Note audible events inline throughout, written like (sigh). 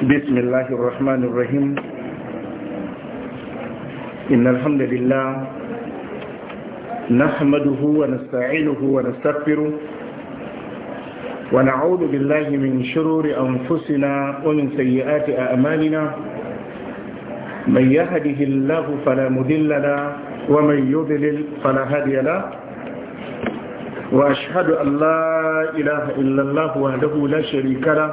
بسم الله الرحمن الرحيم إن الحمد لله نحمده ونستعينه ونستغفره ونعوذ بالله من شرور أنفسنا ومن سيئات أعمالنا من يهده الله فلا مذل له ومن يضلل فلا هادي له وأشهد أن لا إله إلا الله وحده لا شريك له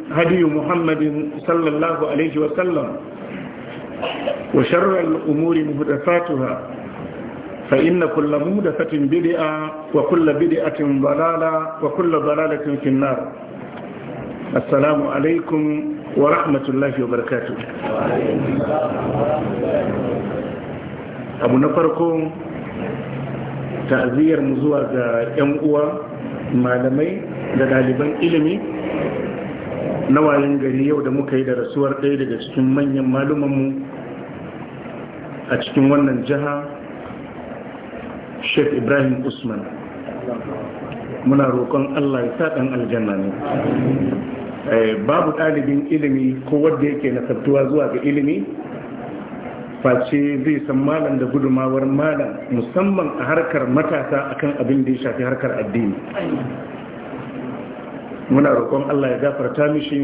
هدي محمد صلى الله عليه وسلم وشر الأمور مهدفاتها فإن كل مهدفة بدئة وكل بدئة ضلالة وكل ضلالة في النار السلام عليكم ورحمة الله وبركاته أبو نفركم تعذير مزوى ينقوى malamai da ɗaliban ilimi nawayin gari yau da muka yi da rasuwar ɗaya daga cikin manyan malumanmu a cikin wannan jiha sheikh ibrahim usman muna roƙon allah ya sa aljanna ne eh, babu ɗalibin ilimi ko wadda yake nasartuwa zuwa ga ilimi face zai san malam da gudumawar malam musamman a harkar matasa akan abin da ya shafi harkar addini muna roƙon Allah ya gafarta mishi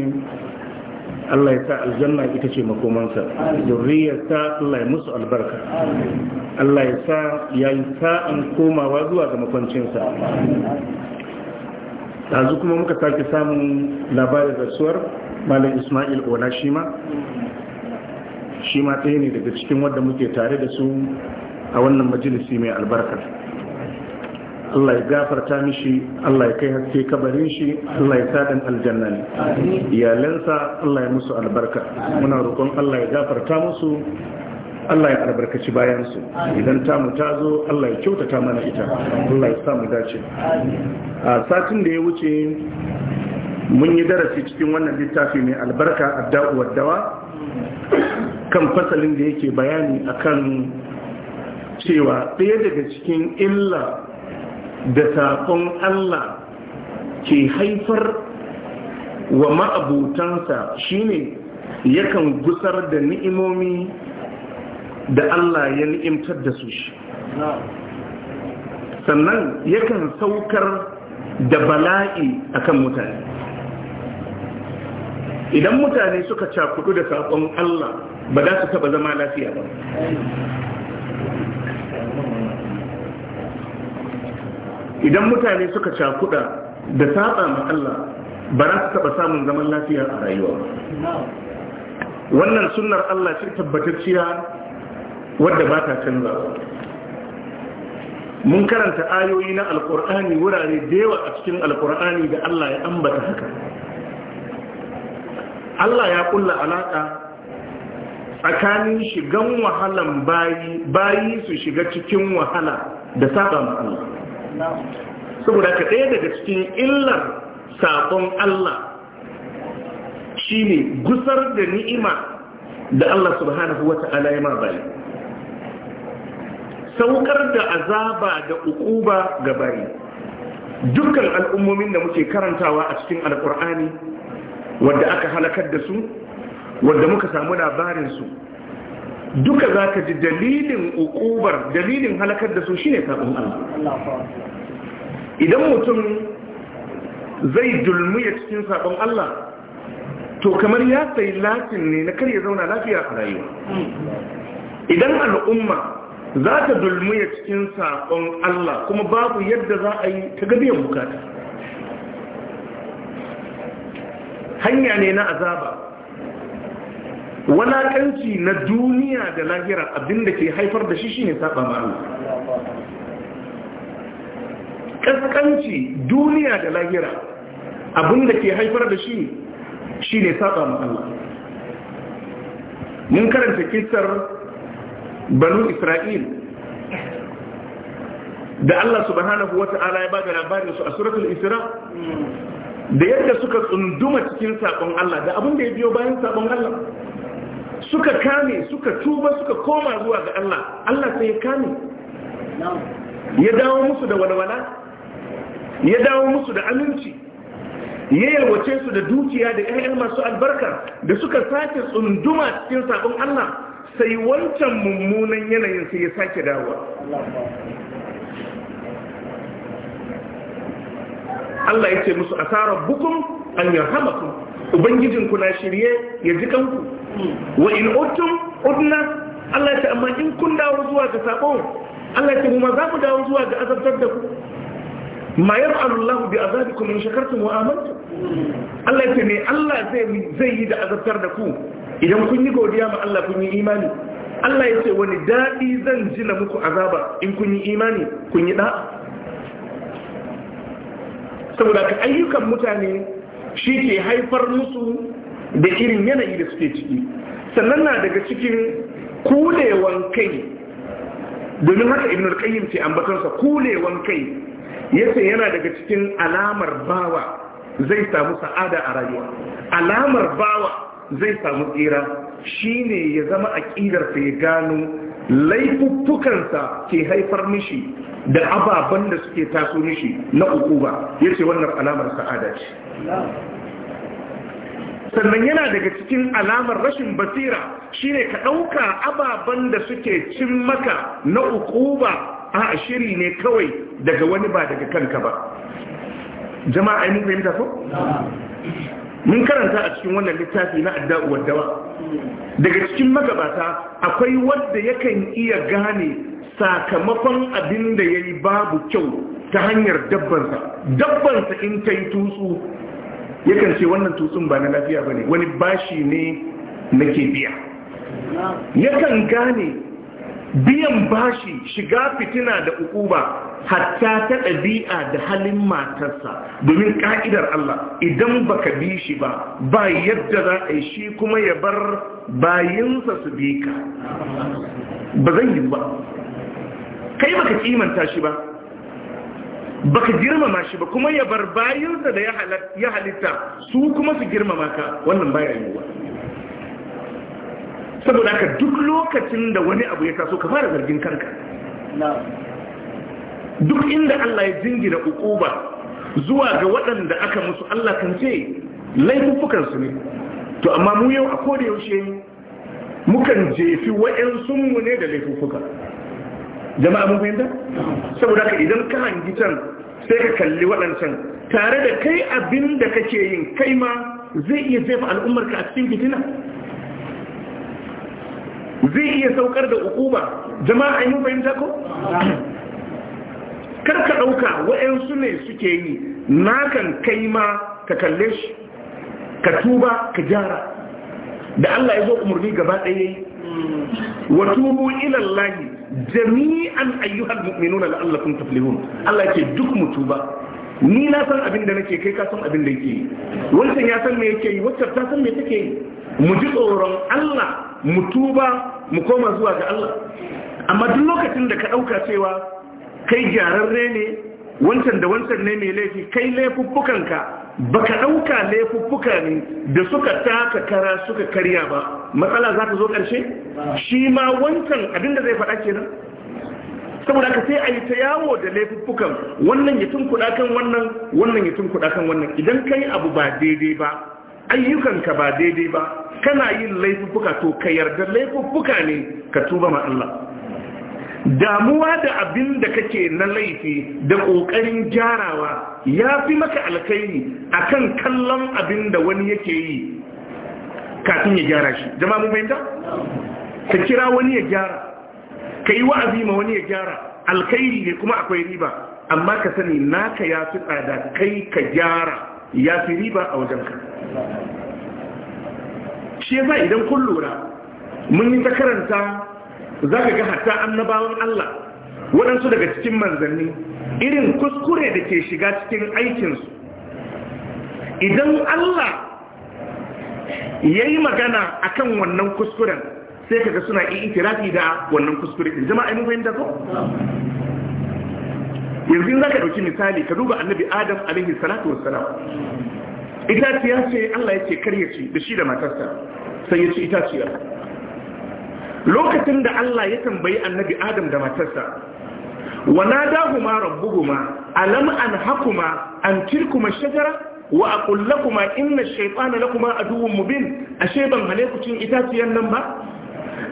Allah ya sa aljanna ita ce makomansa zurriyarsa Allah ya musu albarka Allah ya sa ya yi sa'an komawa zuwa ga makwancinsa yanzu kuma muka sake samun labarin rasuwar malam Ismail Ola Shima shi ɗaya ne daga cikin wadda muke tare da su a wannan majalisi mai albarka Allah ya gafarta mishi Allah ya kai haske kabarin shi Allah ya sadan aljanna ne iyalansa Allah ya musu albarka muna roƙon Allah ya gafarta musu Allah ya albarkaci bayansu idan ta ta zo Allah ya kyautata mana ita Allah ya sa mu dace a satin da ya wuce mun yi darasi cikin wannan littafi mai albarka adda'u dawa, kan fasalin da yake bayani akan cewa ɗaya daga cikin illa da saƙon Allah ke haifar wa ma'abutansa shine yakan gusar da ni'imomi da Allah ya ni'imtar da su shi sannan yakan saukar da bala'i a kan mutane idan mutane suka cakudu da saƙon Allah ba za su taɓa zama lafiya ba idan mutane suka cakuɗa da saba ma Allah ba za su taɓa samun zaman lafiya a rayuwa wannan sunnar Allah ce tabbatacciya wadda ba ta canza mun karanta ayoyi na alkur'ani wurare da yawa a cikin alkur'ani da Allah ya ambata haka Allah ya kulla alaka tsakanin shigan wahalan bayi bayi su shiga cikin wahala da saba ma Allah saboda ka ɗaya daga cikin illar sabon Allah shi ne gusar da ni'ima da Allah subhanahu wa ta'ala ya mabali saukar da azaba da ukuba ga bari dukkan al'ummomin da muke karantawa a cikin alkur'ani wadda aka halakar da su wadda muka samu labarinsu duka za ka ji dalilin ukubar dalilin halakar da su shine sabon Allah idan mutum zai dulmiya cikin sabon Allah to kamar ya sai latin ne na karya zauna lafiya a rayuwa idan al'umma za ta dulmiya cikin sabon Allah kuma babu yadda za a yi ta gabiyan bukata hanya ne na azaba walakanci na duniya da lahira abinda ke haifar da shi shine saba ma Allah kaskanci duniya da lahira abinda ke haifar da shi shine saba ma Allah mun karanta kisar banu Isra'il da Allah subhanahu wata'ala ya bada labarin su a suratul Isra da yadda suka tsunduma cikin sakon Allah da abinda ya biyo bayan sakon Allah suka kame suka tuba suka koma zuwa ga Allah Allah sai ya kame ya dawo musu da walwala ya dawo musu da aminci ya yalwace su da dukiya da ƴaƴan masu albarka da suka sake tsunduma cikin sabon Allah sai wancan mummunan yanayin sai ya sake dawowa Allah ya ce musu asarar bukun an yarhamakum ubangijinku na shirye ya ji kanku wa in utum udna Allah ya ce amma in kun dawo zuwa ga sabon, Allah ya ce mu ma za mu dawo zuwa ga azabtar da ku ma yaf'alu Allah bi azabikum in shakartum wa amantum Allah ya ce ne Allah zai zai yi da azabtar da ku idan kun yi godiya ma Allah kun yi imani Allah ya ce wani daɗi zan ji na muku azaba in kun yi imani kun yi ɗa'a saboda ka ayyukan mutane shi ke haifar musu da irin yanayi da suke ciki sannan na daga cikin kulewan kai domin haka ibn al-qayyim ce ambatonsa kulewan kai yace yana daga cikin alamar bawa zai samu sa'ada a rayuwa alamar bawa zai samu tsira shine ya zama sa ya gano laifuffukansa ke haifar mishi da ababen da suke taso mishi na ukuba yace wannan alamar sa'ada ce sannan yana daga cikin alamar rashin basira shine ka ɗauka ababen da suke cin maka na ukuba a shiri ne kawai daga wani ba daga kanka ba jama'a yi mun yi ko mun karanta a cikin wannan littafi na adda'uwar dawa daga cikin magabata akwai wadda yakan iya gane sakamakon abin da ya yi babu kyau ta hanyar dabbansa dabbansa in ta yi tutsu yakan ce wannan tutsun ba na lafiya ba ne wani bashi ne nake biya yakan gane biyan bashi shiga fitina da ukuba hatta ta ɗabi'a da halin matarsa domin ƙa'idar Allah idan baka bi shi ba ba yadda za a yi shi kuma ya bar bayinsa su bi ka ba zan yi ba kai baka kimanta shi ba baka girmama shi ba kuma ya bar bayinsa da ya halitta su kuma su girmama ka wannan baya yiwuwa saboda haka duk lokacin da wani abu ya taso ka fara zargin karka. duk inda Allah ya jingina ukuba zuwa ga waɗanda aka musu Allah kan ce laifukansu ne to amma mu yau a koda yaushe mukan jefi wa'yan mu ne da laifuffuka jama'a mun fahimta saboda ka idan ka hangi can sai ka kalli waɗancan tare da kai abin da kake yin kai ma zai iya jefa ka a cikin fitina zai iya saukar da ukuba jama'a yi mun fahimta ko ka ɗauka waɗansu ne suke yi nakan kai ma ka kalle shi ka tuba ka gyara da Allah ya zo umarni gaba ɗaya yi wa tubu ilallahi jami'an ayyuhal mu'minuna la'allakum tuflihun Allah ke duk mutuba ni na san abin da nake kai ka san abin da yake wancan ya san me yake yi wacce ta san me take yi mu ji tsoron Allah mu tuba mu koma zuwa ga Allah amma duk lokacin da ka dauka cewa kai gyararre ne wancan da wancan ne mai laifi kai laifuffukanka baka ɗauka laifuffuka ne da suka taka kara suka karya ba matsala za ta zo ƙarshe shi ma wancan abinda zai faɗa kenan saboda ka sai a yi ta yawo da laifuffukan wannan ya tunkuɗa kan wannan wannan ya tunkuɗa kan wannan idan ka yi abu ba daidai ba ayyukanka ba daidai ba kana yin laifuffuka to ka yarda laifuffuka ne ka tuba ma Allah damuwa da abin da kake na laifi da ƙoƙarin gyarawa ya fi maka alkaini a kan kallon abin da wani yake yi kafin ya gyara shi jama mu fahimta? ka kira wani ya gyara ka yi wa'azi ma wani ya gyara alkaini ne kuma akwai riba amma ka sani naka ya fi tsada kai ka gyara ya fi riba a wajenka shi ya idan kun lura mun yi ta karanta za ka ga hatta annabawan Allah waɗansu daga cikin manzanni irin kuskure da ke shiga cikin aikinsu idan Allah ya yi magana a kan wannan kuskuren sai ga suna itirafi da wannan kuskure in jama'a yi fahimta ko? yanzu za ka ɗauki misali ka duba annabi adam alaihi salatu wassalam itaciya ce Allah ya ce karya da shi da matarsa sai ya ce itaciya lokacin da Allah ya tambayi annabi Adam da matarsa wa nadahuma rabbuhuma alam an hakuma an tilkuma shajara wa aqul lakum inna ash-shaytana lakum aduwwun mubin ashe ban hale ku cin itaciyan nan ba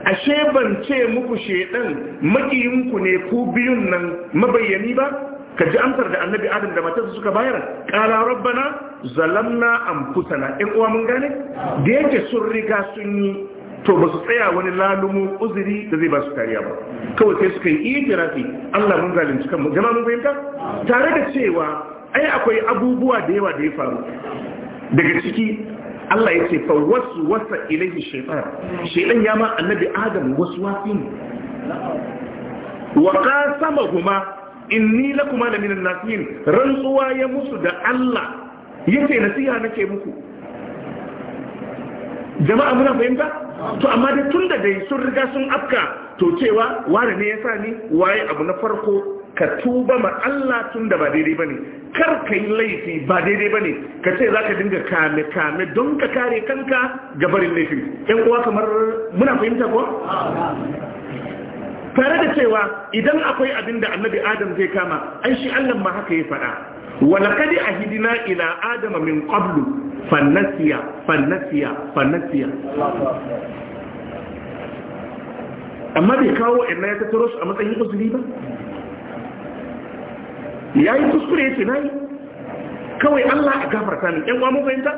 ashe ban ce muku shedan makiyinku ne ku biyun nan mabayyani ba ka ji amsar da annabi adam da matarsa suka bayar qala rabbana zalamna anfusana in uwa mun gane da yake sun riga sun yi to ba su tsaya wani lalumu uzuri da zai ba su kariya ba kawai sai suka yi itirafi Allah mun zalunci kanmu Gama mun fahimta tare da cewa ai akwai abubuwa da yawa da ya faru daga ciki Allah ya ce wasu wasa ilaihi shaitan shaitan ya ma annabi adam wasu wasi ne wa qasamahuma inni lakuma minan nasiru. rantsuwa ya musu da Allah yace nasiha nake muku jama'a muna fahimta to amma dai tun da dai sun riga sun afka to cewa ware ne ya sa ni waye abu na farko ka tuba ma Allah tun da ba daidai bane kar ka yi laifi ba daidai bane ka ce zaka dinga kame kame don ka kare kanka ga barin laifi ɗan uwa kamar muna fahimta ko tare da cewa idan akwai abin da annabi adam zai kama ai shi Allah ma haka ya faɗa ولقد عهدنا إلى آدم من قبل فنسي فنسي فنسي amma bai kawo inna ya tattaro su a matsayin uzuri ba ya yi kuskure ya na yi kawai Allah a gafarta ne ‘yan wamu fahimta?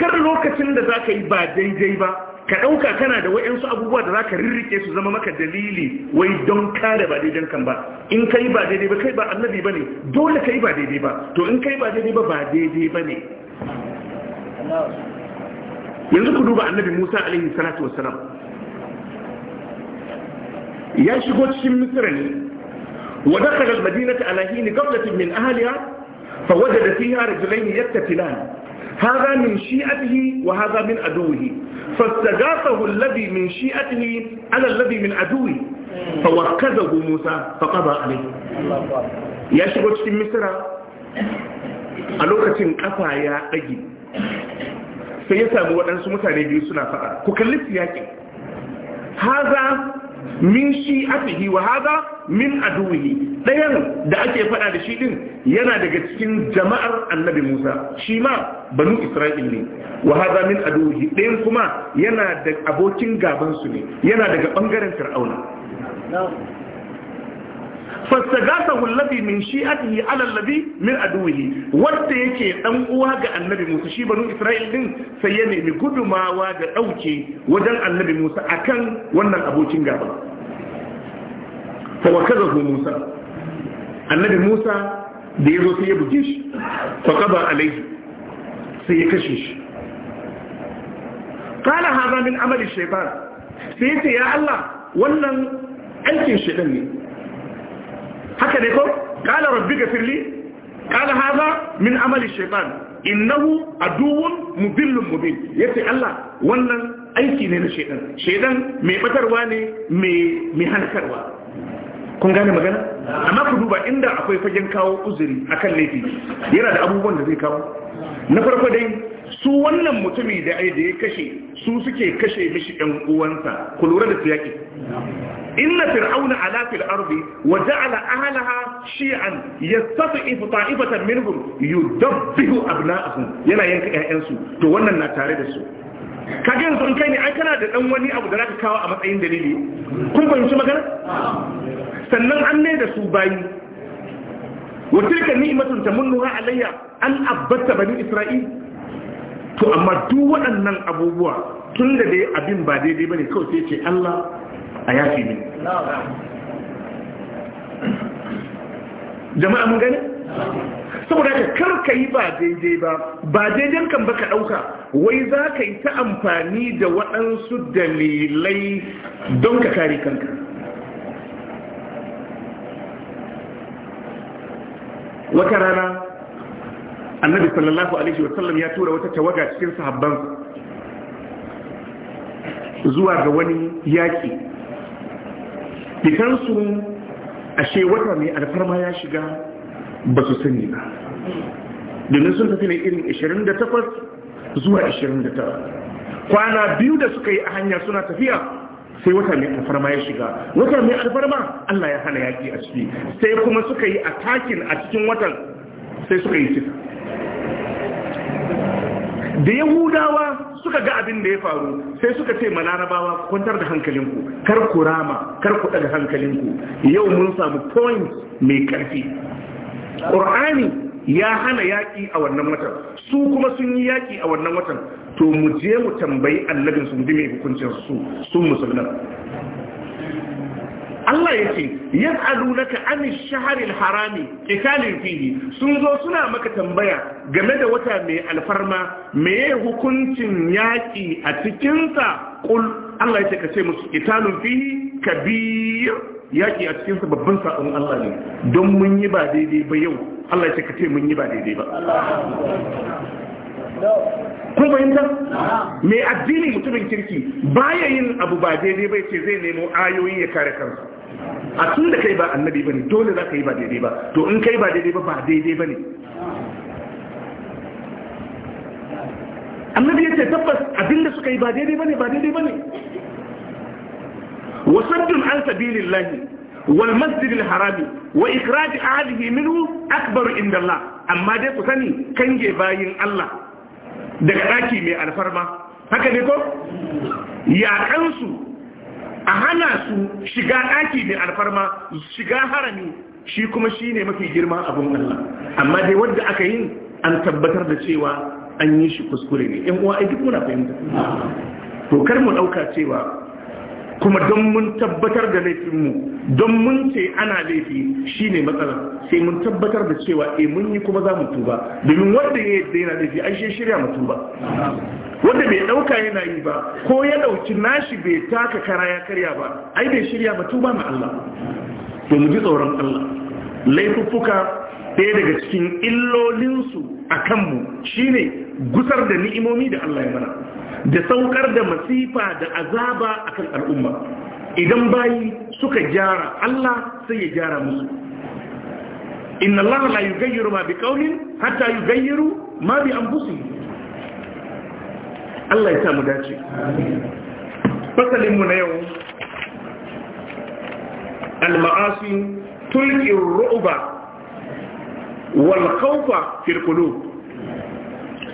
kar lokacin da za ka yi ba daidai ba ka ɗauka kana da wa'yansu abubuwa da za ka rirrike su zama maka dalili wai don kare ba daidan kan ba in ka yi ba daidai ba kai ba annabi ba ne dole ka yi ba daidai ba to in ka yi ba daidai ba ba daidai ba ne yanzu ku duba annabi musa alaihi salatu wassalam ya shigo cikin misira ne wa dakhala al-madinata ala hini ghaflatin min ahliha fa wajada fiha rajulayn yaqtatilan hadha min shi'atihi wa hadha min aduwihi فاستغاثه الذي من شيئته على الذي من عدوه فوكزه موسى فقضى عليه يا شيخ cikin misira a lokacin ƙafa ya dage sai ya sami waɗansu mutane biyu suna faɗa ku kalli siyaki haza min shi afihi wa haza min aduwihi ɗayan da ake faɗa da shi din yana daga cikin jama'ar annabi Musa shi ma banu Isra'il ne wa hadha min aduhi ɗayan kuma yana da abokin gaban su ne yana daga bangaren Fir'auna fastagasahu alladhi min shi'atihi ala alladhi min aduhi wanda yake dan uwa ga annabi Musa shi banu Isra'il din sai ya nemi gudumawa da dauke wajen annabi Musa akan wannan abokin gaba fa wakazahu Musa annabi Musa da ya zo sai ya buge shi faƙaba alaihi sai ya kashe shi ƙala haza min amalin shaitan sai ya ce ya Allah wannan aikin shaitan ne haka ne ko ƙala rabbi gafirli ƙala haza min amalin shaitan innahu aduwun mubillun mubin ya ce Allah wannan aiki ne na shaitan shaitan mai batarwa ne mai hanakarwa kun gane magana amma ku duba inda akwai fagen kawo uzuri akan laifi yana da abubuwan da zai kawo na farko dai su wannan mutumi da ai da ya kashe su suke kashe mishi ɗan uwansa ku lura da siyaki inna fir'auna ala fil ardi wa ja'ala ahlaha shi'an yastatifu ta'ifatan minhum yudabbihu abna'ahum yana yanka ƴaƴansu to wannan na tare da su ka ga yanzu in kai ne ai kana da dan wani abu da zaka kawo a matsayin dalili kun fahimci magana sannan an ne da su bayi wa tilka ni'matun tamunnuha alayya an abbata bani isra'il to amma duk waɗannan abubuwa tun da dai abin ba daidai bane kawai sai ce Allah a yafi mini jama'a mun gani? saboda ka karka yi ba daidai ba ba daidai kan ka ɗauka wai za ka yi ta amfani da waɗansu dalilai don ka kare kanka wata rana annabi sallallahu alaihi wasallam ya tura wata tawaga cikin sahabban zuwa ga wani yaƙi fitansu ashe wata mai alfarma ya shiga ba su sani ba domin sun tafi ne irin 28 zuwa 29 kwana biyu da suka yi a hanya suna tafiya sai wata mai alfarma ya shiga wata mai alfarma Allah ya hana yaki a ciki sai kuma suka yi atakin a cikin watan sai suka yi cika da yahudawa suka ga abin da ya faru sai suka ce ma larabawa kwantar da hankalinku kar ku rama kar ku daga hankalinku yau mun samu point mai ƙarfi. ƙur'ani ya hana yaƙi a wannan watan su kuma sun yi yaƙi a wannan watan to mu je mu tambayi annabin sun bi mai hukuncin su sun musulman Allah ya ce ka amin shaharil harami qitalin fili sun zo suna maka tambaya game da wata mai alfarma mai hukuncin yaƙi a cikinsa ƙul Allah ya ce ka ce musu qitalun ka kabir yaki a cikin su babban sakon Allah ne don mun yi ba daidai ba yau Allah ya ce ka ce mun yi ba daidai ba kun fahimta mai addini mutumin kirki baya yin abu ba daidai ba ce zai nemo ayoyi ya kare kansa a tun da kai ba annabi bane dole za ka yi ba daidai ba to in kai ba daidai ba ba daidai bane annabi ya ce tabbas abinda suka yi ba daidai bane ba daidai bane وصد عن سبيل الله والمسجد الحرام وإخراج أهله منه أكبر عند الله أما دي كساني كان باين الله daga daki mai alfarma haka ne ko ya yaƙansu a hana su shiga daki mai alfarma shiga harami shi kuma shi ne mafi girma abin Allah amma dai wadda aka yi an tabbatar da cewa an yi shi kuskure ne ‘yan uwa aiki kuna fahimta to kar mu ɗauka cewa kuma don mun tabbatar da laifinmu don mun ce ana laifi shine matsala sai mun tabbatar da cewa e mun yi kuma za mu tuba domin wanda ya yadda yana laifi an shi shirya mu tuba wanda bai dauka yana yi ba ko ya dauki nashi bai taka kara ya karya ba ai bai shirya ba tuba ma Allah to mu ji tsoron Allah laifuffuka ɗaya daga cikin illolinsu a kanmu shine gusar da ni'imomi da Allah ya mana da saukar da masifa da azaba akan al'umma idan bayi suka jara, Allah sai ya jara musu inna Allah la gayyaru ma bi hata yi gayyaru, ma bi anfusihim Allah ya samu dace Fasalinmu na yau al-ma'asi tulkin ru'uba wal kaufa firkulu.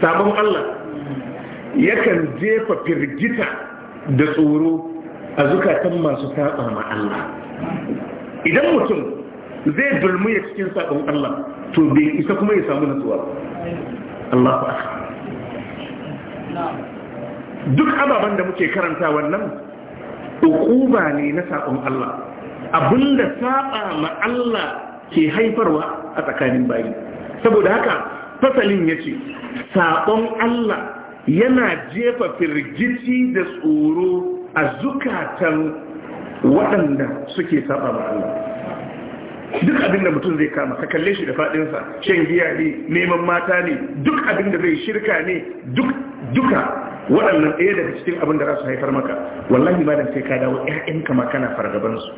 sabon Allah yakan jefa firgita da tsoro a zukatan masu saba ma idan mutum zai dulmu ya cikin saƙon Allah to bai isa kuma ya samu natsuwa Allah ba duk ababen da muke karanta wannan ukuba ne na saƙon Allah abinda saba ma Allah ke haifarwa a tsakanin bayi saboda haka fasalin ya ce saɓon Allah yana jefa firgici da tsoro a zukatan waɗanda suke saba ba Allah duk abinda mutum zai kama ka kalle shi da faɗinsa shan giya ne neman mata ne duk abinda zai shirka ne duka waɗannan ɗaya daga cikin abin da za su haifar maka wallahi da sai ka dawo ka ma kana fargabansu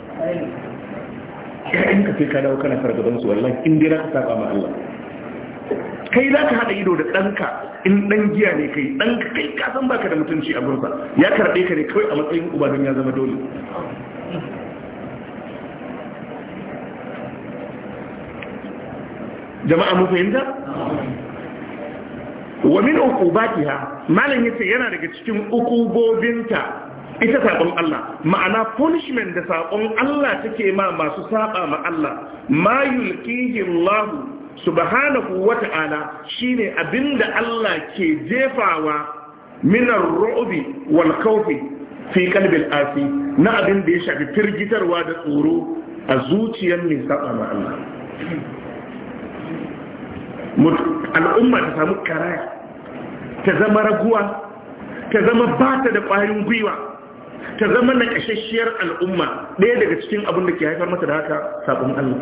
ƴaƴanka sai ka dawo kana fargabansu wallahi in dai za ka saba ma Allah kai za ka haɗa ido da ɗanka in ɗan giya ne kai ɗanka kai kasan baka da mutunci a gurba ya karɓe ka ne kawai a matsayin uba don ya zama dole jama'a mu fahimta wa min uqubatiha malam yace yana daga cikin uqubobinta ita sabon Allah ma'ana punishment da sabon Allah take ma masu saba ma Allah ma yulqihi Allah subhanahu wata'ala shine abinda Allah ke jefawa minar ru'bi wal khawfi fi qalbil asi na abinda ya shafi firgitarwa da tsoro a zuciyar mai saba ma Allah al'umma ta samu karaya ta zama raguwa ta zama bata da ƙwarin gwiwa ta zama na ƙashashiyar al'umma ɗaya daga cikin abin da ke haifar mata da haka sabon Allah.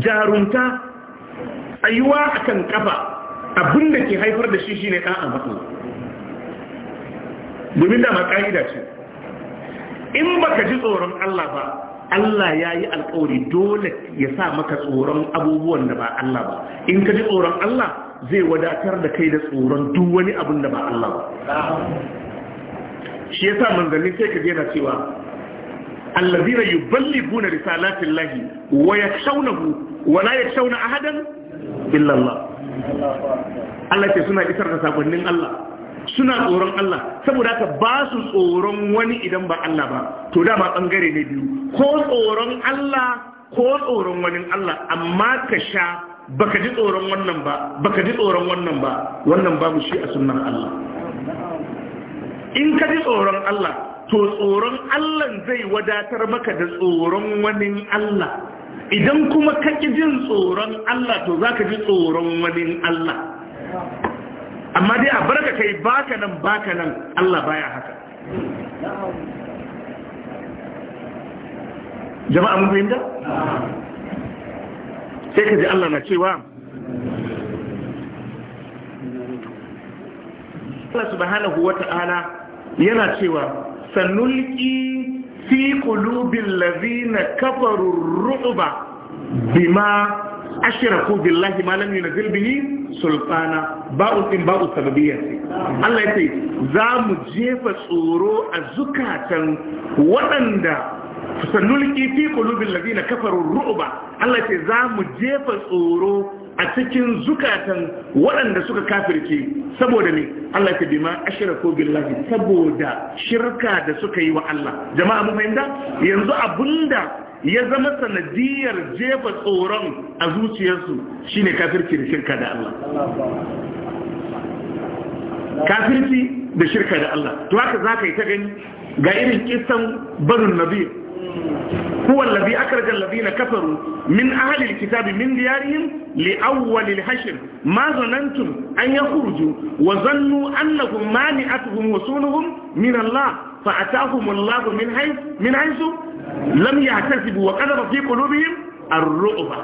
jarunta wa a kan kafa abinda ke haifar da shi shi ne ɗan abu domin dama ƙa'ida ce in baka ji tsoron Allah ba Allah ya yi alkawari dole ya sa maka tsoron abubuwan da ba Allah ba in ka ji tsoron Allah zai wadatar da kai da tsoron duk wani abin da ba Allah ba shi ya sa manzanni sai ka gina cewa allazina yuballighuna risalatillahi wa yakshawnahu wa la yakshawna ahadan illa Allah Allah suna isar da sakonnin Allah suna tsoron Allah saboda haka ba su tsoron wani idan ba Allah ba to dama bangare ne biyu ko tsoron Allah ko tsoron wani Allah amma ka sha baka ji tsoron wannan ba baka ji tsoron wannan ba wannan babu shi a sunnan Allah in ka ji tsoron Allah to tsoron Allah zai wadatar maka da tsoron wani Allah idan kuma ka ƙi jin tsoron Allah to za ka ji tsoron wani Allah amma dai a barka kai baka nan baka nan Allah baya haka jama'a mun fahimta sai ka ji Allah na cewa Allah subhanahu wata'ala yana cewa Sannulki fi kulubin qulubil ladhina kafaru ru'ba bima ashraku billahi ma lam yunzil bihi sultana ba'u din ba'u sababiyya Allah yace za mu jefa tsoro a zukatan waɗanda sannulki fi qulubil ladina kafaru ru'ba Allah ya ce za mu jefa tsoro a cikin zukatan waɗanda suka kafirce saboda ne Allah ta bima ko billahi saboda shirka da suka yi wa Allah jama'a mu fahimta yanzu abunda ya zama sanadiyar jefa tsoron a zuciyarsu shine kafirci da shirka da Allah kafirci da shirka da Allah to haka zaka yi ta gani ga irin kisan barun nabi هو الذي أخرج الذين كفروا من أهل الكتاب من ديارهم لأول الحشر ما ظننتم أن يخرجوا وظنوا أنهم مانعتهم وصولهم من الله فأتاهم الله من حيث من حيث لم يحتسبوا وقدر في قلوبهم الرؤبة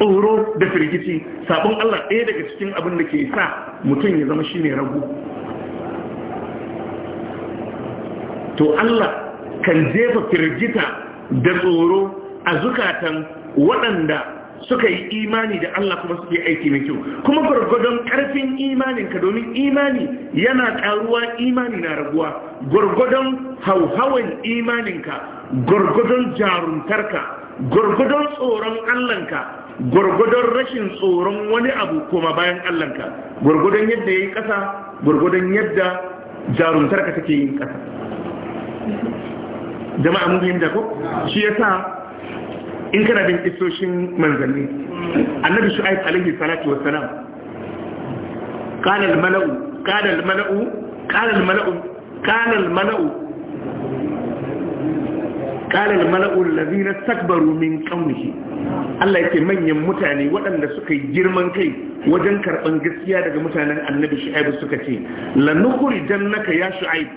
tsoro da firgici sabon Allah ɗaya daga cikin abin da ke sa mutum ya zama shine ragu to Allah kan jefa firgita da tsoro a zukatan waɗanda suka yi imani da Allah kuma suke aiki mai kyau kuma gwargwadon ƙarfin imaninka domin imani yana ƙaruwa imani na raguwa gwargwadon hauhawan imaninka gwargwadon jaruntarka gwargwadon tsoron Allahnka gwargwadon rashin tsoron wani abu kuma bayan Allahnka gwargwadon yadda ya yi ƙasa gwargwadon yadda jaruntarka take yin ƙasa jama'a mun fahimta ko shi yasa in kana bin kisoshin manzanni annabi shu'aib alaihi salatu wassalam qala al-mala'u qala al-mala'u qala al-mala'u qala al-mala'u qala al-mala'u alladhina istakbaru min qawmihi Allah yake manyan mutane waɗanda suka yi girman kai wajen karɓan gaskiya daga mutanen annabi shu'aib suka ce lanukuri naka ya shu'aib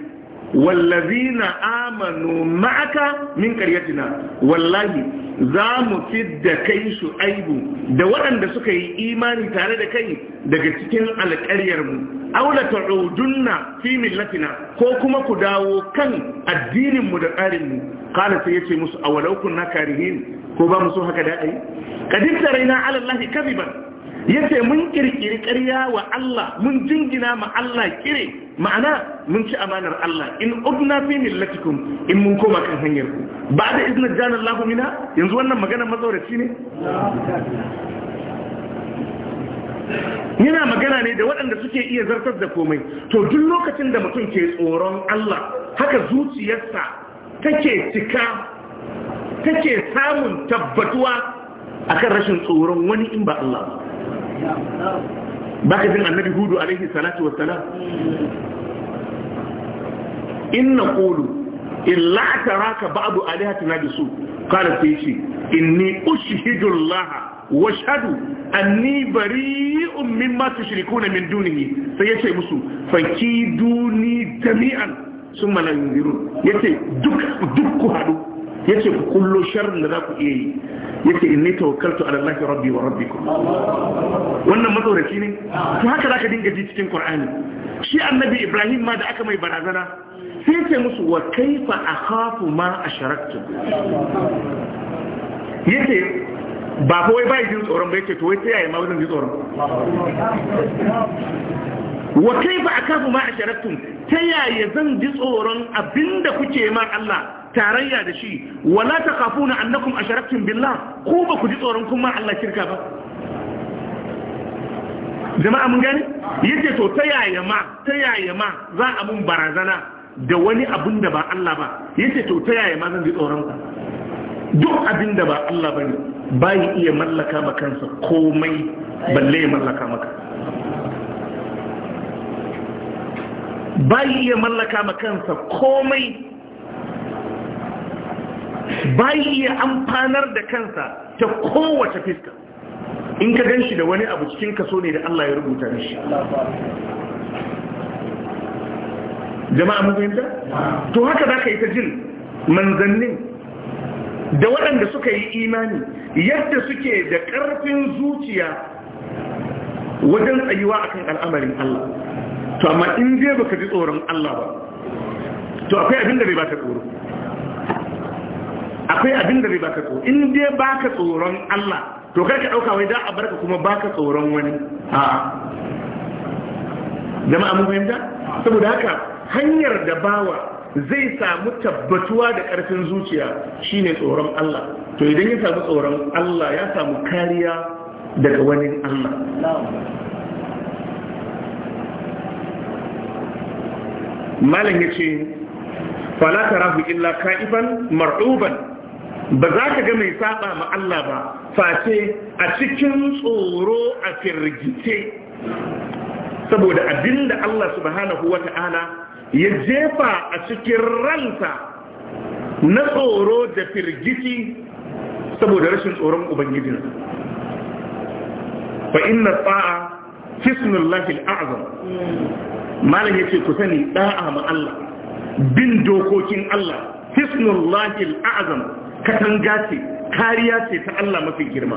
na amanu ma'aka min karyatina. wallahi za mu fidda kai shu'aibu da waɗanda suka yi imani tare da kai daga cikin alƙaryar mu aula ta'udunna fi millatina ko kuma ku dawo kan addinin mu da tsarin mu kana sai yace musu awalau kunna karihin ko ba mu so haka da ai kadin taraina ala allahi kadiban yace mun kirkiri ƙarya wa Allah mun jingina ma Allah kire ma'ana mun ci amanar Allah in udna fi millatikum in mun koma kan hanyar ku ba da izna jana Allah mina yanzu wannan magana mazauraci ne yana magana ne da waɗanda suke iya zartar da komai to duk lokacin da mutum ke tsoron Allah haka zuciyarsa take cika take samun tabbatuwa akan rashin tsoron wani in ba Allah ba ba annabi hudu alaihi salatu wassalam in na kulu in la'atara ka ba'adu alihatina da su kala sai ce inni ushhidul laha wa shadu anni bari'un mimma tushrikuna min dunihi sai yace musu fakiduni jami'an summa la yunzirun yace duk duk ku haɗu. yace ku kullo sharrin da za ku iya yi yace inni tawakkaltu ala allahi rabbi wa rabbikum wannan matsoraci ne to haka zaka dinga ji cikin Qur'ani shi annabi Ibrahim ma da aka mai barazana sai ce musu wa kaifa akhafu ma asharaktu yace ba ko wai bai jin tsoron ba yace to wai ta yaya ma wajen jin tsoron wa kaifa akafu ma asharaktum ta yaya zan ji tsoron abinda kuke ma Allah tarayya da shi wala takafuna annakum asharaktum billah Ko ba ku ji tsoron kuma Allah shirka ba jama'a mun gani yake to ta yaya ma ta yaya ma za a mun barazana da wani abin da ba Allah ba yake to ta yaya ma zan ji tsoron ka duk abin da ba Allah ba ne ba ya iya mallaka ma kansa komai balle ya mallaka maka ba ya iya mallaka ma kansa komai bai iya amfanar da kansa ta kowace fiska in ka gan da wani abu cikin kaso ne da Allah ya rubuta da shi. jama'a mun to haka za ka yi ta jin manzannin da waɗanda suka yi imani yadda suke da ƙarfin zuciya wajen tsayuwa akan al'amarin Allah to amma in je baka ji tsoron Allah ba to akwai abin da bai ba ta tsoro akwai abin da zai baka tsoro in dai baka tsoron Allah to kar ka dauka wai da a barka kuma baka tsoron wani a jama'a mun fahimta saboda haka hanyar da bawa zai samu tabbatuwa da karfin zuciya shine tsoron Allah to idan ya samu tsoron Allah ya samu kariya daga wani Allah malam yace fala tarahu illa ka'ifan mar'uban ba za ka ga mai saba ma Allah ba face a cikin tsoro a firgice saboda abinda Allah subhanahu wata'ala ya jefa a cikin ransa na tsoro da firgici saboda rashin tsoron ubangijinsa fa inna ta'a hisnullahi al'azam malam yace ku sani da'a ma Allah bin dokokin Allah hisnullahil al'azam katanga ce kariya ce ta Allah mafi girma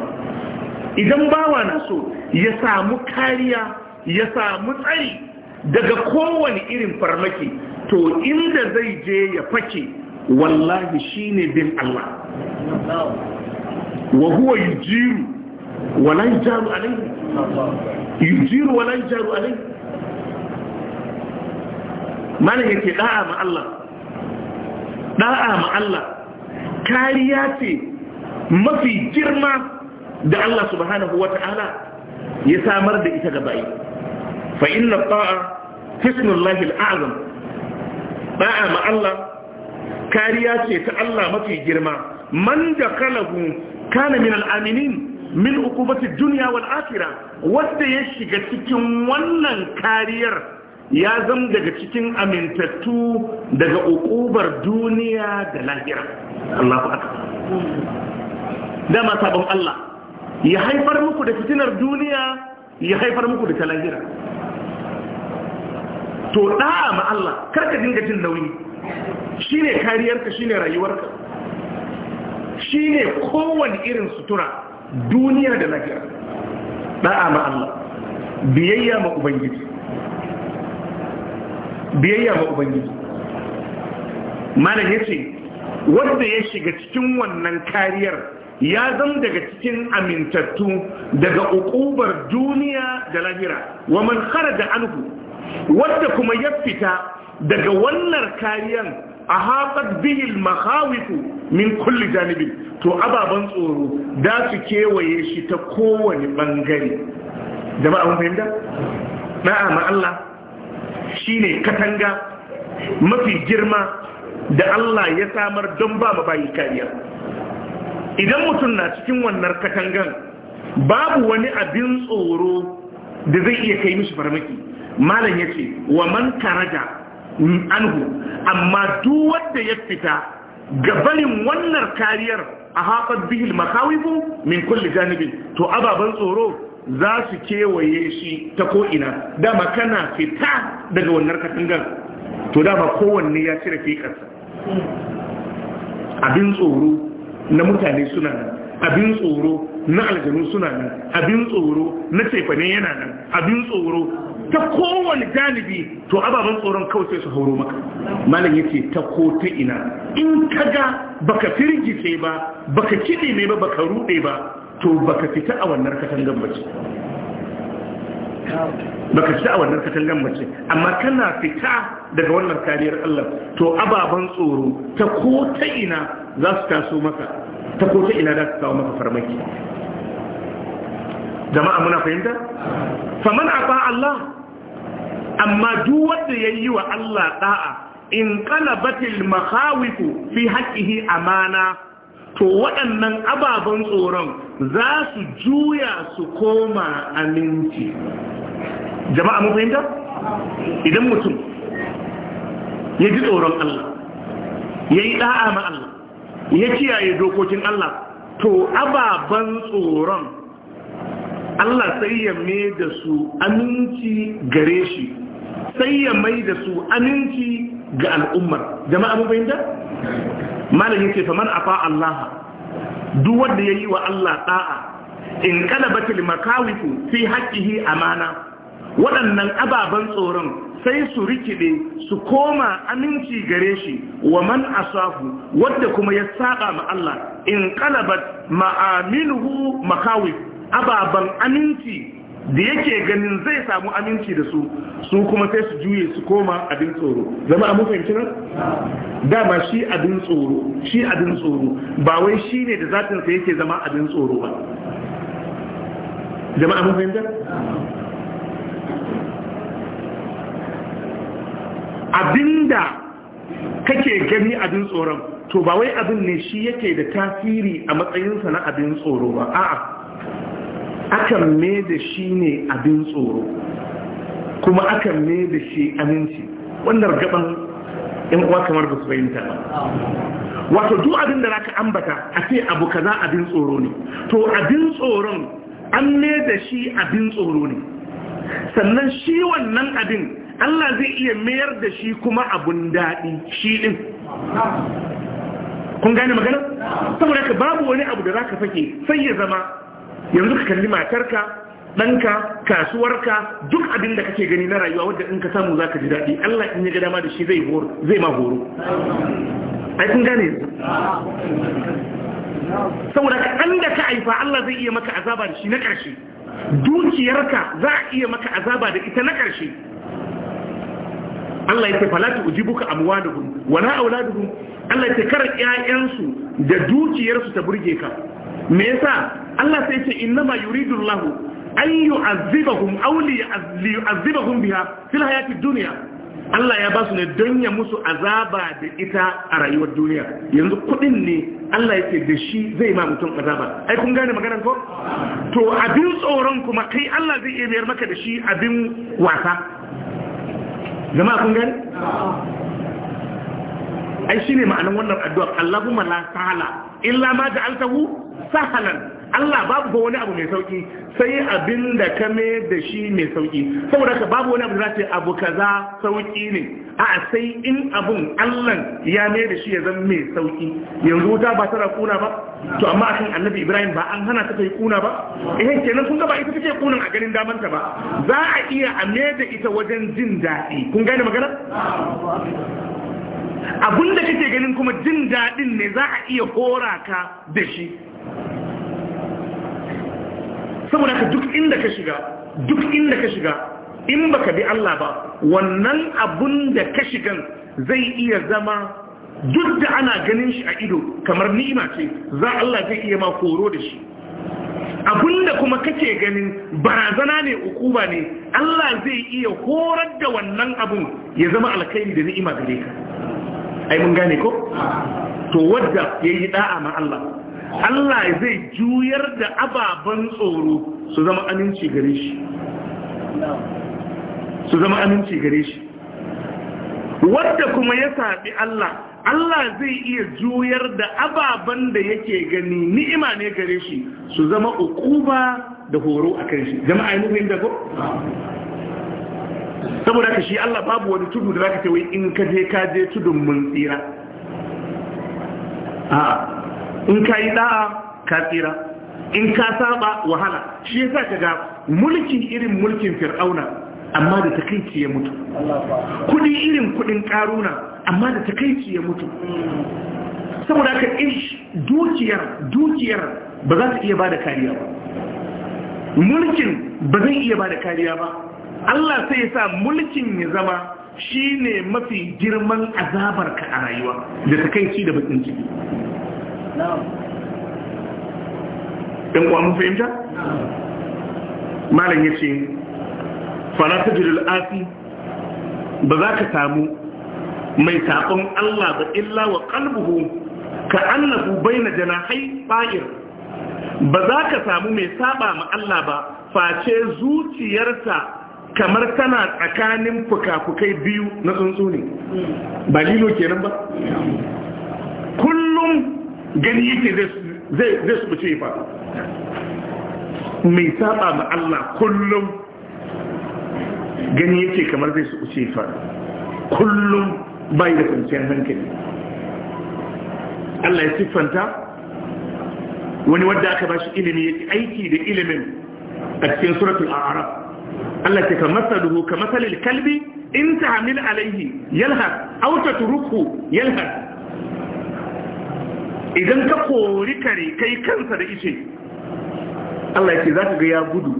idan bawa na so ya samu kariya ya samu tsari daga kowane irin farmaki to inda zai je ya fake wallahi shine bin Allah wa huwa yujiru wala yujaru alayhi yujiru wala yujaru alayhi mana yake da'a ma Allah da'a ma Allah kariya ce mafi girma da Allah subhanahu wa ta'ala ya samar da ita gaba fa inna ta'a hisnullahi al'azam ba'a ma Allah kariya ce ta Allah mafi girma man da kalahu kana min al'aminin min ukubati duniya wal akhirah wanda ya shiga cikin wannan kariyar ya zama daga cikin amintattu daga ukubar duniya da lahira Allah Allahu aka dama sabon Allah ya haifar muku da fitinar duniya ya haifar muku da ta lahira to da'a ma Allah karka dinga jin nauyi shine kariyarka shine rayuwarka shine kowane irin sutura duniya da lahira da'a ma Allah biyayya ma ubangiji biyayya ga ubangiji ya ce, wanda ya shiga cikin wannan kariyar ya zama daga cikin amintattu daga ukubar duniya da lahira wa man kharaja anhu wanda kuma ya fita daga wannan kariyar a haƙar bihil mahawifu min kulli janibin to ababen tsoro da su kewaye shi ta kowane ɓangare jama'a mun fahimta? ma Allah shine katanga mafi girma da Allah ya samar don ba bayi kariya idan mutum na cikin wannan katangan babu wani abin tsoro da zai iya kai mishi farmaki malam ya ce wa man karaja anhu amma duk wanda ya fita gabanin wannan kariyar a haɓar bihil makawifu min kulle janibin to ababen tsoro za su kewaye shi ta ko'ina dama kana fita daga wannan katangar to dama kowanne ya cire fikarsa abin tsoro na mutane suna nan abin tsoro na aljanu suna nan abin tsoro na cefane yana nan abin tsoro ta kowane janibi to ababen tsoron kawai sai su hauro maka malam ya ce ta ko ta ina in kaga baka firgice ba baka kiɗe ne ba baka ruɗe ba to baka fita a wannan katangan bace baka fita a wannan katangan bace amma kana fita daga wannan kariyar Allah to ababan tsoro ta ko ta ina za su taso maka ta ko ta ina za su kawo maka farmaki jama'a muna fahimta faman aba Allah amma duk wanda yayi wa Allah da'a in qalabatil makhawifu fi haqqihi amana to waɗannan ababen tsoron za su juya su koma aminci jama'a mun fahimta idan mutum ya ji tsoron Allah ya yi ɗa'a ma Allah ya kiyaye dokokin Allah to ababen tsoron Allah sai ya mai da su aminci gare shi sai ya mai da su aminci ga al'ummar jama'a mun fahimta malam yake fa man afa Allah duk wanda yayi wa Allah da'a in kalabati makawifu fi haqqihi amana waɗannan ababen tsoron sai su rikide su koma aminci gare shi wa man asafu wadda kuma ya saba ma Allah in kalabat ma'aminuhu makawif ababan aminci da yake ganin zai samu aminci da su su kuma sai su juye su koma abin tsoro zama a mafi nan dama shi abin tsoro shi abin tsoro ba wai shi ne da zatinsa yake zama abin tsoro ba jama'a mun fahimta abinda kake gani abin tsoron to ba wai abin ne shi yake da tasiri a matsayinsa na abin tsoro ba a'a akan me da shi ne abin tsoro kuma akan me da shi aminci wannan gaban yan uwa kamar ba su fahimta ba wato duk abin da zaka ambata a ce abu kaza abin tsoro ne to abin tsoron an me da shi abin tsoro ne sannan shi wannan abin Allah zai iya mayar da shi kuma abun daɗi shi ɗin kun gane magana saboda ka babu wani abu da zaka fake sai ya zama yanzu ka kalli matarka ɗanka kasuwarka duk abin da kake gani na rayuwa wadda in ka samu za ka ji daɗi Allah in ya ga dama da shi zai ma horo ai kun gane saboda ka an da ka haifa Allah zai iya maka azaba da shi na ƙarshe dukiyarka za a iya maka azaba da ita na ƙarshe Allah ya ce falata ujibuka amwaluhum wala auladuhum Allah ya ce kar ƴaƴansu da dukiyarsu ta burge ka me yasa Allah sai ce innama yuridu Allah an yu'azzibahum aw liyu'azzibahum biha fil hayati dunya Allah ya ba su ne don ya musu azaba da ita a rayuwar duniya yanzu kudin ne Allah yake da shi zai ma mutum azaba ai kun gane maganar ko to abin tsoron kuma kai Allah zai iya biyar maka da shi abin wasa jama'a kun gane ai shine ma'anar wannan addu'a Allahumma la sala illa ma ja'altahu sahalan Allah babu ba wani abu mai sauki sai abin da ka mai da shi mai sauki saboda ka babu wani abu da zai abu kaza sauki ne a sai in abun Allah ya mai da shi ya zan mai sauki yanzu wuta ba tana kuna ba to amma akan annabi Ibrahim ba an hana ta kai kuna ba eh kenan kun ga ba ita take kunan a ganin daman ta ba za a iya a mai da ita wajen jin daɗi kun gane magana abun da kake ganin kuma jin daɗin ne za a iya hora ka da shi saboda ka duk inda ka shiga duk inda ka shiga in baka bi Allah ba wannan abun da ka shigan zai iya zama duk da ana ganin shi a ido kamar ni'ima ce za Allah zai iya ma koro da shi Abun da kuma kake ganin barazana ne ukuba ne Allah zai iya horar da wannan abun ya zama alkhairi da ni'ima gare ka ai mun gane ko to wadda yayi da'a ma Allah Allah zai juyar da ababen tsoro su zama aminci gare shi su zama aminci gare shi wadda kuma ya saɓi Allah Allah zai iya juyar da ababen da yake gani ni'ima ne gare shi su zama ukuba da horo a kan shi jama'a yi nufin da ko? saboda ka shi Allah babu wani tudu da za ka ce wai in kaje-kaje tudun mun tsira in ka yi ɗa'a, ka tsira in ka saba wahala shi yasa ka ga mulkin irin mulkin fir'auna amma da takaici ya mutu kudi irin kudin karuna amma da takaici ya mutu saboda ka ish dukiyar dukiyar ba za ta iya ba da kariya ba mulkin ba zai iya ba da kariya ba Allah sai ya sa mulkin ya zama shi ne mafi girman azabarka a rayuwa da takaici da bakin ciki kuwa kwamun fahimta? malam ya ce farata asi ba za ka samu mai saƙon Allah ba illa wa kalbuhu ka annahu baina janahai ba'ir ba za ka samu mai saba ma Allah ba face zuciyarta kamar tana tsakanin fuka-fukai biyu na tsuntsu ne hmm. ba lilo kenan ba hmm. kullum gani yake zai su buce fa mai saba ma Allah kullum gani yake kamar zai su buce fa kullum bai da kwanciyar hankali Allah ya siffanta wani wadda aka bashi ilimi yake aiki da ilimin a cikin suratul a'raf Allah ya ka masaluhu ka masalil kalbi in ta hamil alaihi yalhas aw tatruku yalhas idan ka kori kare kai kansa da ice Allah ya ce za ka ga ya gudu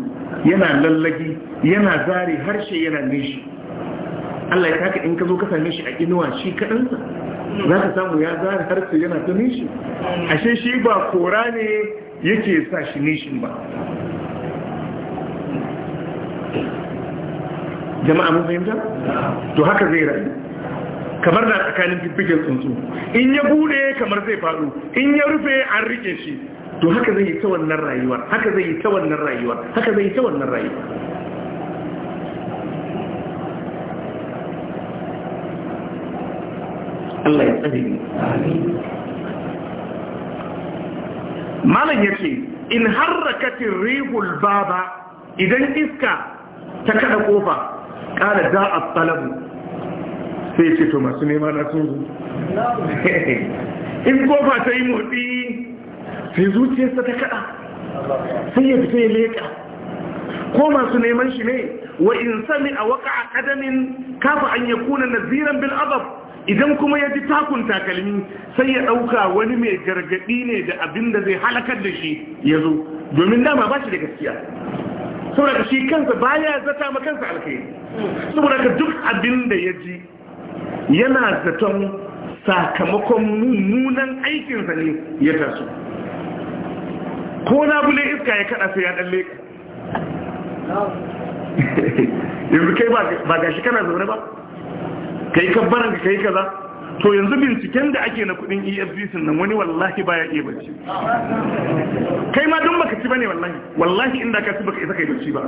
yana lallagi yana zari harshe yana nishi Allah ya taka in ka zo ka same shi a inuwa shi kaɗansa za ka samu ya zari harshe yana ta nishi ashe shi ba kora ne yake sa shi nishin ba jama'a mun fahimta to haka zai rayu kamar na tsakanin fiffigen tsuntsu in ya bude kamar zai faɗo in ya rufe an rike shi to haka zai yi ta wannan rayuwar haka zai yi ta wannan rayuwar haka zai yi ta wannan rayuwar Allah ya tsare ni malam ce in harrakatin rihul baba idan iska ta kada kofa kada a talabu sai ce to masu nema na sun zo in kofa ta yi motsi sai zuciyarsa ta kada sai ya fita ya leka ko masu neman shi ne wa in sami a waka a kadamin kafa an yi kuna naziran bin Abab, idan kuma ya ji takun takalmi sai ya ɗauka wani mai gargaɗi ne da abin da zai halakar da shi ya zo domin dama ba shi da gaskiya saboda shi kansa baya zata ma kansa alkhairi saboda duk abin da ya ji yana zaton sakamakon mummunan aikinsa ne ya taso ko na bule iska ya kada sai ya dan leka (laughs) yanzu kai ba ga shi kana zaune ba kai kabbaran ka kai kaza to yanzu binciken da ake na kudin efcc nan wani wallahi baya iya bacci kai ma don baka ci bane wallahi wallahi inda ka ci baka isa kai bacci ba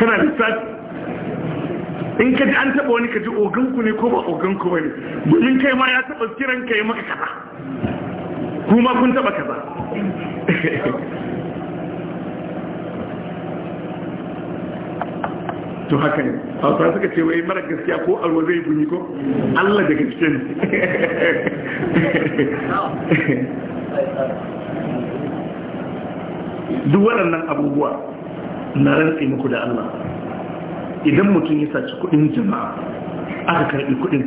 kana lissafi in ka an taba wani ka ji oganku ne ko ba oganku ba ne domin kai ma ya taba kiran ka yi maka kaza kuma kun taba kaza (laughs) to haka ne hausa suka ce wai mara gaskiya ko alwa zai bunyi ko allah daga cikin (laughs) duk waɗannan abubuwa na rantsi muku da allah idan mutum ya saci kudin jama'a aka karbi kudin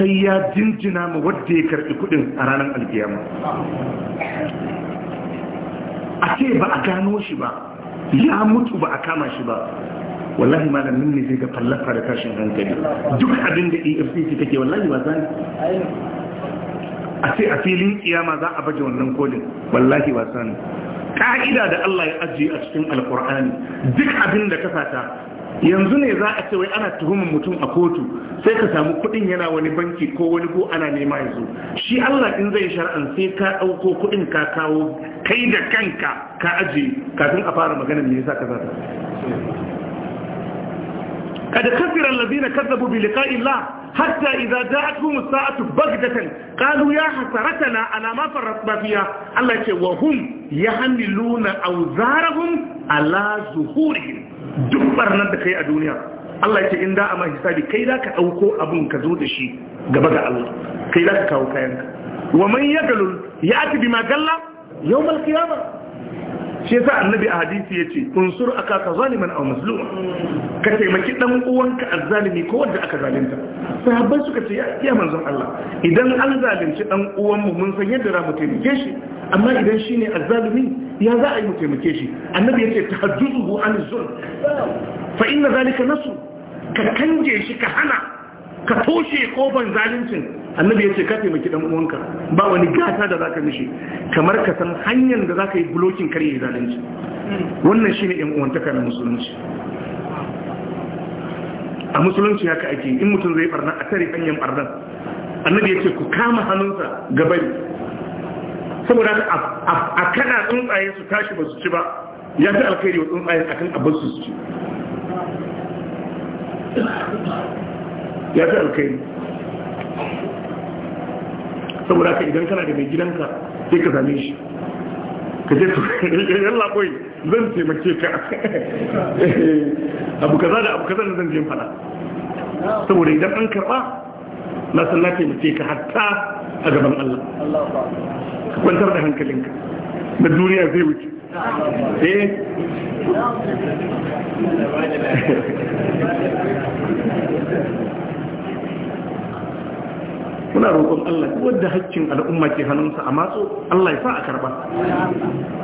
sai ya jinjina ma wadda ya karbi kudin a ranar alkiyama a ce ba a gano shi ba ya mutu ba a kama shi ba wallahi malamin ne zai ga fallafa da tashin hankali duk abin da efcc take wallahi ba zani a ce a filin kiyama za a baje wannan kodin wallahi ba zani ka'ida da Allah ya ajiye a cikin alkur'ani duk abin da ka fata yanzu ne za a ce wai ana tuhumar mutum a kotu sai ka samu kudin yana wani banki ko wani ko ana nema yanzu shi Allah in zai shar'an sai ka dauko kudin ka kawo kai da kanka ka aje kafin a fara magana me yasa ka zata kada kafira allazina kadzabu bi liqa'i Allah حتى Sa'atu جاءتهم الساعة بغدة قالوا يا حسرتنا على ما فرطنا ya الله يقول وهم يحملون أوزارهم ala ظهورهم duk barnar da kai a duniya Allah ce in da a hisabi kai za ka ɗauko abin ka zo da shi gaba ga Allah kai za ka kawo kayanka wa man ya galul ya ati bi magalla yau mal kiyama shi yasa annabi a hadisi ce unsur akaka zaliman aw mazluma ka taimaki dan uwanka azzalimi ko wanda aka zalunta sahabbai suka ce ya manzon Allah idan an zalunci dan uwanmu mun san yadda za mu taimake shi amma idan shine azzalimi ya za a yi mu taimake shi annabi yace tahajjuduhu an zulm fa inna zalika nasu ka kanje shi ka hana ka toshe kofan zaluncin annabi yace ka taimaki dan uwanka ba wani gata da zaka mishi kamar ka san hanyar da zaka yi blocking kare zalunci wannan shine yan uwantaka na musulunci a musulunci haka ake in mutum zai barna a tare hanyar barnan annabi ya ku kama hannunsa gabari saboda a kana tsuntsaye su tashi ba su ci ba ya fi alkhairi wa tsuntsaye akan abin su ci ya fi alkhairi saboda ka idan kana da mai gidanka sai ka zame shi ka je su (laughs) yalla koyi zan taimake ka (laughs) abu kaza da abu kaza da zan je fada saboda idan an karba na san na taimake ka hatta a gaban Allah ka kwantar da hankalinka na duniya zai wuce eh (laughs) muna roƙon Allah wadda haƙƙin al'umma ke hannunsa a matso Allah ya sa a karba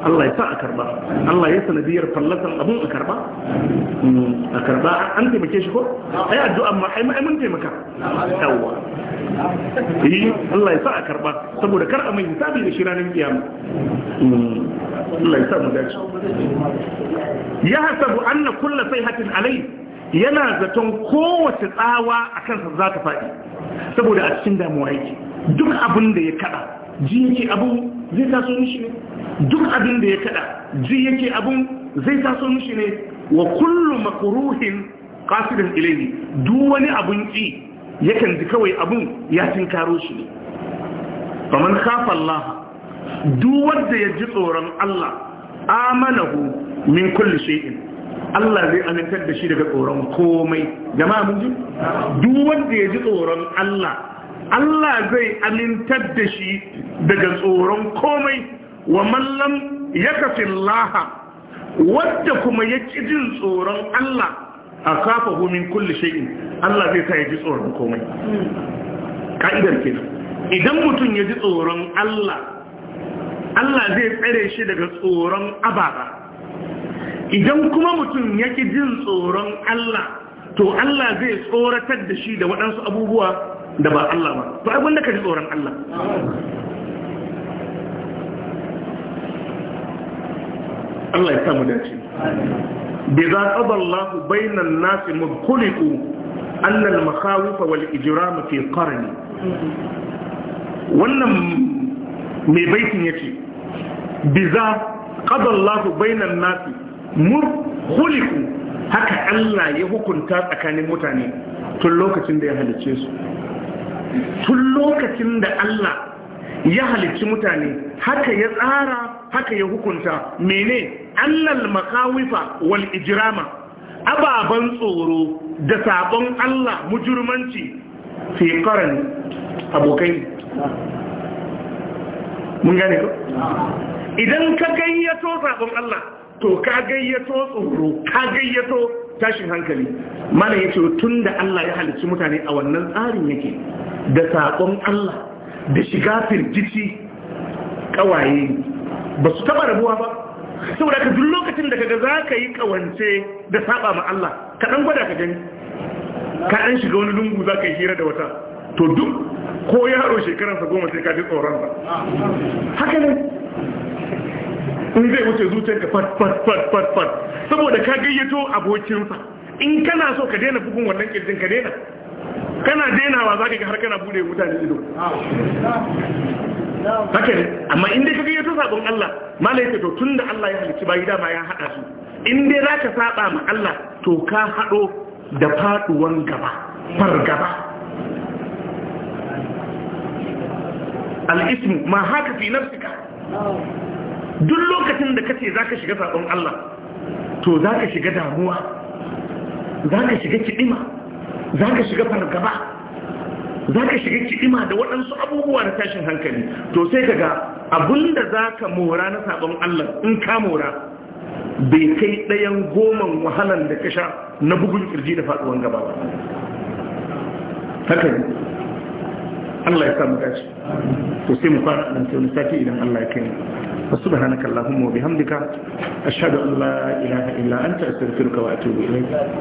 Allah ya sa a karba Allah ya sanadiyar fallatan abun a karba mm, a karba an taimake shi ko ai addu'a ma ai mun taimaka yawa eh Allah ya sa a karba saboda kar a mai hisabi da shi ranar kiyama mm, Allah ya sa mu dace ya hasabu anna kullu sayhatin alayhi yana zaton kowace tsawa a kansa za ta faɗi saboda a cikin damuwa yake duk abin da ya kaɗa ji yake abu zai taso mishi ne duk abin da ya kaɗa ji yake abin zai taso mishi ne wa kullu makuruhin kasirin ilayhi duk wani abun ƙi yakan ji kawai abun ya tinkaro shi ne kamar kafa Allah duk wanda ya ji tsoron Allah amanahu min kulli shay'in Allah zai amintar da shi daga tsoron komai jama'a mun ji duk wanda ya ji tsoron Allah Allah zai amintar da shi daga tsoron komai wa mallam yakafi Allah wanda kuma ya ki jin tsoron Allah a kafa min kulli shay'in Allah zai sa ya ji tsoron komai ka'idar kenan idan mutum ya ji tsoron Allah Allah zai tsare shi daga tsoron ababa idan kuma mutum yake jin tsoron Allah to Allah zai tsoratar da shi da waɗansu abubuwa da ba Allah ba to abin da ka ji tsoron Allah Allah ya samu dace bi za qada Allah bainan nas mubkhaliqu an al makhawif wal ijram fi qarni wannan mai baitin yace bi za qada Allah bainan nas huliku haka Allah ya hukunta tsakanin mutane tun lokacin da ya halicce su tun lokacin da Allah ya halicci mutane haka ya tsara haka ya hukunta mene allal makawifa wal ijirama ababan tsoro da sabon Allah mujurmanci fi karani abokai mun gane ko idan ka gayyato sabon Allah to ka gayyato tsoro ka gayyato tashin hankali mana ya ce tun da Allah ya halicci mutane a wannan tsarin yake da saƙon Allah da shiga firgici ƙawaye ba su taɓa rabuwa ba saboda ka duk lokacin da kaga za ka yi ƙawance da saɓa ma Allah ka ɗan gwada ka gani ka ɗan shiga wani lungu za ka yi hira da wata to duk ko yaro shekaransa goma sai ka ji tsoron ba haka ne in zai wuce zuciyarka fat fat fat fat fat saboda ka gayyato abokinsa in kana so ka daina bugun wannan kirjin ka daina kana dainawa za ka ga har kana bude mutane ido haka ne amma in dai ka gayyato sabon Allah mala yake to tunda Allah ya halicci bayi dama ya hada su in dai za ka saba ma Allah to ka haɗo da faduwan gaba fargaba al-ismu ma haka fi nafsika duk lokacin da kace zaka shiga sabon Allah to zaka shiga damuwa zaka shiga kidima zaka shiga fargaba zaka shiga kidima da waɗansu abubuwa na tashin hankali to sai kaga abinda zaka mora na sabon Allah in ka mora bai kai ɗayan goman wahalan da ka sha na bugun kirji da faɗuwan gaba ba haka Allah ya samu dace to sai mu fara nan tun sati idan Allah ya kai mu subhanaka allahumma wa bihamdika ashhadu an la ilaha illa anta astaghfiruka wa atubu ilayk